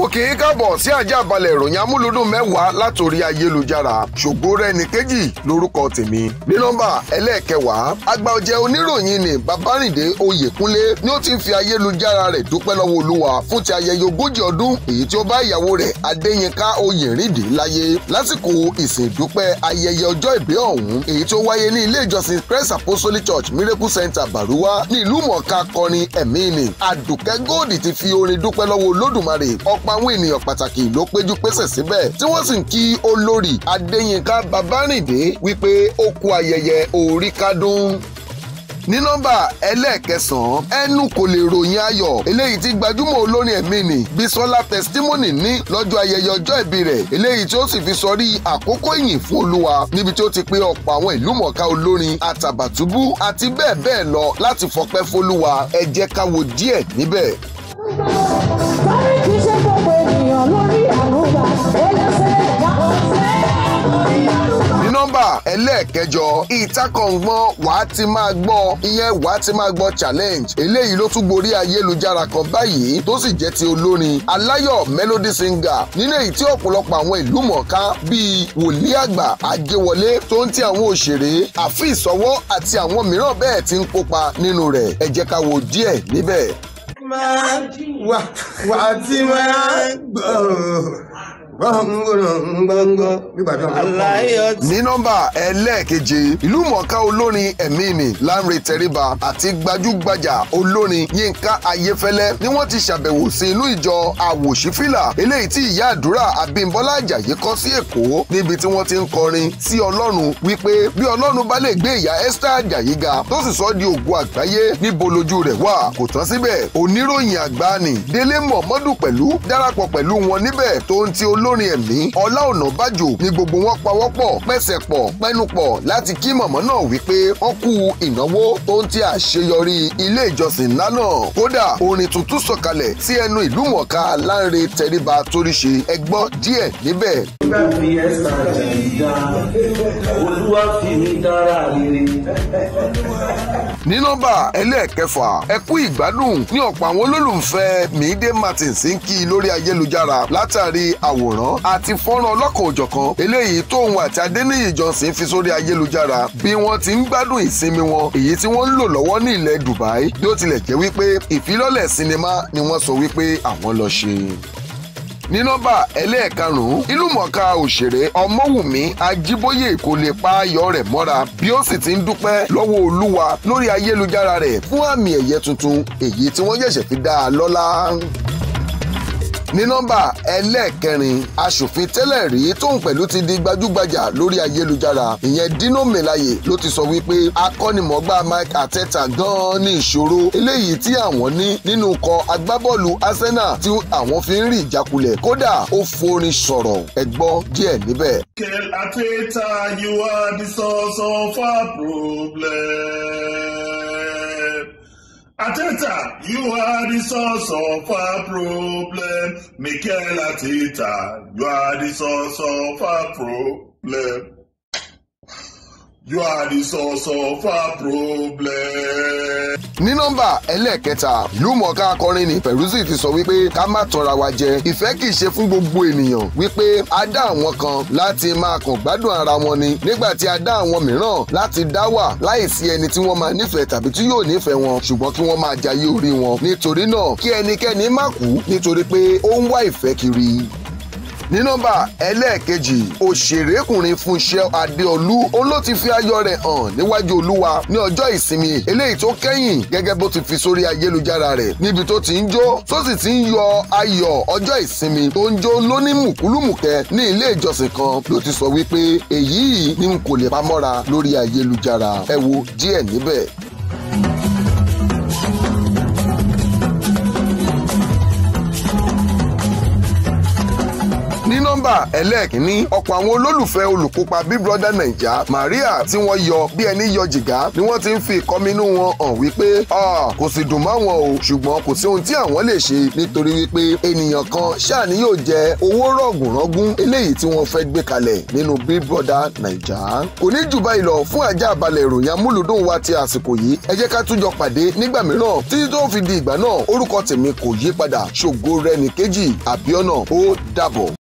mo kì í káàbọ̀ sí àjàbalẹ̀ ìròyìn amúlùdùn mẹ́wàá látòrí ayélujára ṣògo rẹni kejì lórúkọ tèmi ní nọ́mbà ẹlẹ́ẹ̀kẹwàá àgbà ọ̀jẹ̀ oníròyìn ni Babárìndé Oyèkúnlé ni ó ti ń fi ayélujára rẹ̀ dúpẹ́ lọ́wọ́ Olúwa fún ti ayẹyẹ ogójì ọdún èyí tí ó bá ìyàwó rẹ̀ Adéyínká Oyèrìndé láyé lásìkò ìsìn ìdúpẹ́ ayẹyẹ ọjọ́ ìbí ọ̀hún èyí tí ó wáyé ní ilé ìjọsìn Christ Apostolic Church Miracle Center Bàrúwá ní ìlú mọ̀ọ́ká kọrin ẹ̀mí ni Àdùkẹ́ Gold ti fi orin dúpẹ́ lọ́wọ́ Olódùmarè ọ̀p ọ̀pọ̀lọpọ̀ àwọn ènìyàn pàtàkì ló péjú pésẹ̀ síbẹ̀ tí wọ́n sì ń kí olórí Adéyínká Babárìndé wípé ó kú ayẹyẹ orí ní nọ́mbà ẹlẹ́ẹ̀kẹsàn-án ẹnu kò lè ròyìn ayọ̀ eléyìí tí gbajúmọ̀ olórin ẹ̀mí ni Bisola testimony ní lọ́jọ́ ayẹyẹ ọjọ́ ìbí rẹ̀ eléyìí tí ó sì fi sọrí àkókò ìyìn fún Olúwa níbi tí ó ti pe ọ̀pọ̀ àwọn ìlú mọ̀ọ́ká olórin Àtàbàtúbú àti bẹ́ẹ̀ bẹ́ẹ̀ lọ láti fọpẹ́ fÓlúwa ẹ jẹ́ ká wo díẹ̀ ẹlẹ́ẹ̀kẹjọ ìtakọ̀ngbọ̀n wàá ti máa gbọ́ ìyẹn wàá ti máa gbọ́ challenge eléyìí ló tún gborí ayélujára kan báyìí tó sì jẹ́ ti olórin aláyọ̀ melody singer nínú èyí tí ọ̀pọ̀lọpọ̀ àwọn ìlú mọ̀ọ́ká bíi wòlíì àgbà àjẹwọlé tó ń ti àwọn òṣèré àfi ìsọwọ́ àti àwọn mìíràn bẹ́ẹ̀ ti ń kópa nínú rẹ̀ ẹ jẹ́ ká wo díẹ̀ níbẹ̀. máa wà wà á ti máa gbọ́ ní nọ́mbà ẹlẹ́ẹ̀keje ìlúmọ̀ọ́ká olórin ẹ̀mí mi Lanre Tẹríba àti gbajúgbajà olórin Yínká Ayéfẹ́lẹ́ ni wọ́n ti ṣàbẹ̀wò sí inú ìjọ àwòṣífìlà eléyìí tí ìyá àdúrà Abímbọ́lá Àjàyí kọ́ sí Èkó níbi tí wọ́n ti ń kọrin sí Ọlọ́run wípé bí Ọlọ́run bá lè gbé ìyá Esther Àjàyí ga tó sì sọ di ògo àgbáyé níbo lójú rẹ̀ wà kò tán síbẹ̀ oníròyìn àgbáni olórin ẹ̀mí Ọlá Ọ̀nàbàjò ni gbogbo wọn pawọ́pọ̀ pẹ̀sẹ̀ pọ̀ pẹ́nupọ̀ láti kí mọ̀mọ́ náà wípé wọ́n kú ìnáwó tó ń ti àṣeyọrí ilé ìjọsìn ńlá náà kódà orin tuntun sọ̀kalẹ̀ sí ẹnu ìlú mọ̀ọ́ká Lánre Tẹríba Tóríṣe ẹgbọ́n díẹ̀ níbẹ̀. olúwa fi mi dára rere ní nọ́mbà ẹlẹ́ẹ̀kẹfà ẹ kú ìgbádùn ní ọ̀pọ̀ àwọn olólùfẹ́ Mide Martins ń kí i lórí ayélujára látàrí àwòrán àti fọ́nrán ọlọ́kan òjọ̀kan eléyìí tóun àti Adéníyì Johnson fi sórí ayélujára bí wọ́n ti ń gbádùn ìsinmi wọn èyí tí wọ́n ń lò lọ́wọ́ ní ilẹ̀ Dubai bí ó tilẹ̀ jẹ́ wípé ìfilọ́lẹ̀ sinimá ni wọ́n sọ wípé àwọn lọ ṣe ní nọ́mbà ẹlẹ́ẹ̀karùn-ún ìlúmọ̀ọ́ká òṣèré ọmọwùmí ajíbóyè kò lè pa ayọ̀ rẹ̀ mọ́ra bí ó sì ti ń dúpẹ́ lọ́wọ́ olúwa lórí ayélujára rẹ̀ fún àmì ẹ̀yẹ tuntun èyí tí wọ́n ṣẹ̀ṣẹ̀ fi dá a lọ́lá ní nọ́mbà ẹlẹ́ẹ̀kẹrin aṣòfin tẹ́lẹ̀ rí tóun pẹ̀lú ti di gbajúgbajà lórí ayélujára ìyẹn Dino Melaye ló ti sọ wípé akọ́nimọ̀ọ́gbá Mike Arteta gan-an ní ìṣòro eléyìí tí àwọn ní nínú ikọ̀ agbábọ́ọ̀lù Arsenal tí àwọn fi ń rí ìjákulẹ̀ kódà ó forin sọ̀rọ̀ ẹ gbọ́ díẹ̀ níbẹ̀. Mikel Arteta, you are the source of our Ateta, you are the source of our problem. Mikel Ateta, you are the source of our problem. You are the source of our problem. ní nọ́mbà ẹlẹ́ẹ̀kẹta ìlúmọ̀ọ́ká akọrin ni Peruzzi ti sọ wípé ká má tanra wa jẹ ìfẹ́ kìí ṣe fún gbogbo ènìyàn wípé a dá àwọn kan láti máa kàn gbádùn ara wọn ni nígbà tí a dá àwọn mìíràn láti dá wà láì sí ẹni tí wọ́n máa nífẹ̀ẹ́ tàbí tí yóò nífẹ̀ẹ́ wọn ṣùgbọ́n kí wọ́n máa jayé orí wọn nítorí náà kí ẹnikẹ́ni má kú nítorí pé ó ń wá ìfẹ́ kiri ní nọ́mbà ẹlẹ́ẹ̀kejì òṣèrékùnrin Fúnṣẹ́ Adéọlú ó ló ti fi ayọ̀ rẹ̀ hàn níwájú Olúwa ní ọjọ́ ìsinmi eléyìí tó kẹ́yìn gẹ́gẹ́ bó ti fi sórí ayélujára rẹ̀ níbi tó ti ń jó tó sì ti ń yọ ayọ̀ ọjọ́ ìsinmi tó ń jó lóní mùkúlùmùkẹ́ ní ilé ìjọsìn kan ló ti sọ wípé èyí ni n kò lè pamọ́ra lórí ayélujára ẹ wo díẹ̀ níbẹ̀. nọ́mbà ẹlẹ́ẹ̀kínní ọ̀pọ̀ àwọn olólùfẹ́ olùkópa Big Brother Naija Maria tí wọ́n yọ bí ẹni yọ jìgá ni wọ́n ti ń fi ìkọminú wọn hàn wípé kò sì dùn mọ́ wọn o ṣùgbọ́n kò sí ohun tí àwọn lè ṣe nítorí wípé ènìyàn kan ṣáà ni yóò jẹ owó rọ̀gùnrọ̀gùn eléyìí tí wọ́n fẹ́ gbé kalẹ̀ nínú Big Brother Naija. kò ní jù báyìí lọ fún ajá balẹ̀ ìròyìn amúlùdùn wa ti àsìkò yìí ẹ jẹ́ ká túnjọ pàdé nígbà mìíràn títí tó fi di ìgbà náà orúkọ tèmi kò yí padà ṣògo rẹ̀ àbíọ́nà ó dàbọ̀.